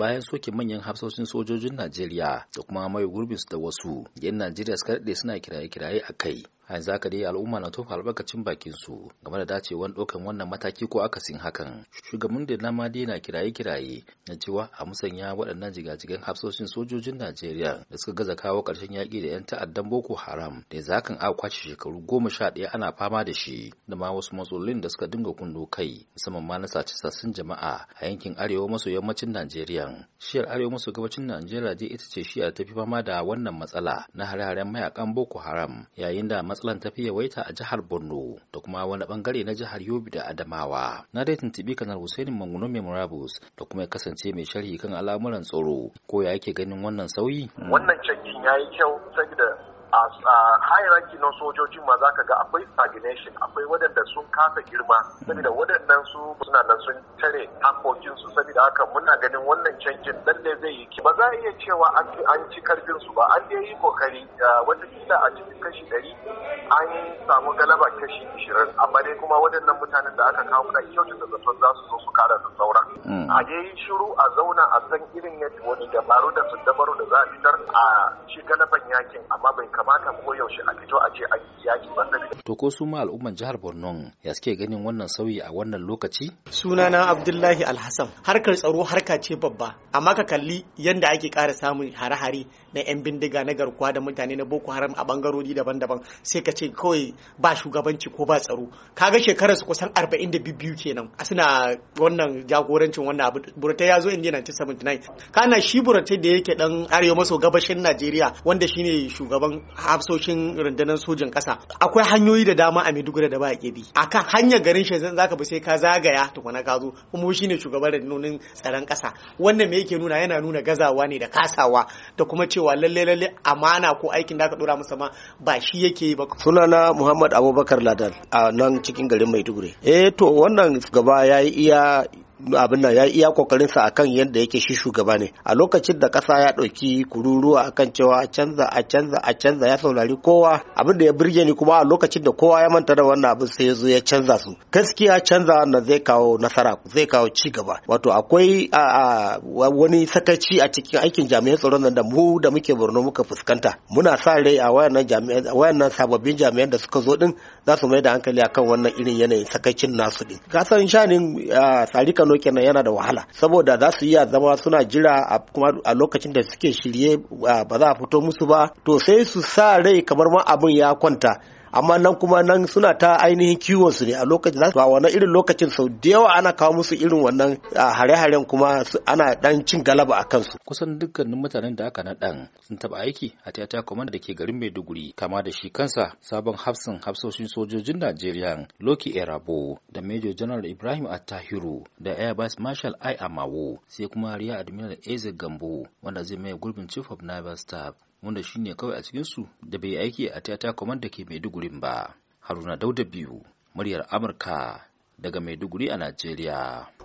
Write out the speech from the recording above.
bayan soke manyan hafsoshin sojojin Najeriya da kuma mai su da wasu yan Najeriya suka daɗe suna kiraye-kiraye a kai. yanzu haka dai al'umma na tofa albarkacin bakin su game da dacewan ɗaukan wannan mataki ko akasin hakan shugaban da dama dai na kiraye-kiraye na cewa a musanya waɗannan jigajigan hafsoshin sojojin Najeriya da suka gaza kawo ƙarshen yaƙi da 'yan ta'addan Boko Haram da ya zakan aka kwace shekaru goma sha ɗaya ana fama da shi da ma wasu matsalolin da suka dinga kundo kai musamman ma na sace sassan jama'a a yankin arewa maso yammacin Najeriya. Shiyar arewa maso gabacin Najeriya dai ita ce shiya ta fi fama da wannan matsala na hare-haren mayakan Boko Haram yayin da matsalan ta fi yawaita a jihar Borno da kuma wani bangare na jihar Yobe da Adamawa. Na dai tuntuɓi kanar Hussein Manguno Memorabus da kuma kasance ce mai sharhi kan al'amuran tsaro ko ya yake ganin wannan sauyi wannan canjin ya yi kyau saboda a hierarchy na sojojin ma zaka ga akwai stagnation akwai waɗanda sun kasa girma saboda waɗannan su suna nan sun tare hakokin su saboda haka muna ganin wannan canjin ne zai yi ba za a iya cewa an ci karfin su ba an yi kokari kila a cikin kashi ɗari an samu galaba kashi ishirin amma dai kuma waɗannan mutanen da aka kawo kan da zaton za su zo su kara da sauran hmm. a yi shiru a zauna a san irin yadda wani dabaru da su dabaru da za a fitar a ci galaban yakin amma bai kamata ko yaushe a fito a ce a yaki ba to ko su ma al'umman jihar Borno ya suke ganin wannan sauyi a wannan lokaci sunana Abdullahi Alhassan har harkar tsaro harka ce babba amma ka kalli yadda ake ƙara samun hare-hare na 'yan bindiga na garkuwa da mutane na boko haram a bangarori daban-daban sai ka ce kawai ba shugabanci ko ba tsaro kaga shekarar su kusan 42 kenan a suna wannan jagorancin wannan abu burta ya zo indiya 1979 kana shi burta da yake dan arewa maso gabashin najeriya wanda shine shugaban hafsoshin rundunar sojin ƙasa akwai hanyoyi da dama a maiduguri da ba a a akan hanyar garin shi zaka bi sai ka zagaya tukuna ka zo kuma shine shugaban rundunar fannin tsaron ƙasa wannan me yake nuna yana nuna gazawa ne da kasawa da kuma cewa lalle lalle amana ko aikin da aka dora masa ma ba shi yake yi ba sunana Muhammad Abubakar Ladan a nan cikin garin Maiduguri eh to wannan gaba yayi iya abin nan ya iya sa akan yadda yake shi shugaba ne a lokacin da kasa ya ɗauki kururuwa akan cewa a canza a canza a canza ya saurari kowa abin da ya birge ni kuma a lokacin da kowa ya manta da wannan abin sai ya zo ya canza su gaskiya canza wannan zai kawo nasara zai kawo ci gaba wato akwai wani sakaci a cikin aikin jami'an tsaron nan da mu da muke Borno muka fuskanta muna sa rai a wayannan jami'an wayannan sababbin jami'an da suka zo din za su mai da hankali akan wannan irin yanayin sakacin nasu din kasan shanin tsarikan salo kenan yana da wahala saboda za su iya zama suna jira a kuma a lokacin da suke shirye ba za a fito musu ba to sai su sa rai kamar ma abin ya kwanta amma nan kuma nan suna ta ainihin kiwon su ne a lokacin ba wannan irin lokacin sau da yawa ana kawo musu irin wannan hare-haren kuma ana dan cin galaba a kansu kusan dukkanin mutanen da aka naɗan sun taɓa aiki a tiyata kwamanda da ke garin maiduguri kama da shi kansa sabon hafsin hafsoshin sojojin najeriya loki erabo da major general ibrahim attahiru da air marshal i amawo sai kuma riya admiral eze gambo wanda zai maye gurbin chief of naval staff wanda shi ne kawai a cikinsu da bai aiki a tata kwamar da ke Maiduguri ba haruna dauda biyu muryar amurka daga maiduguri a najeriya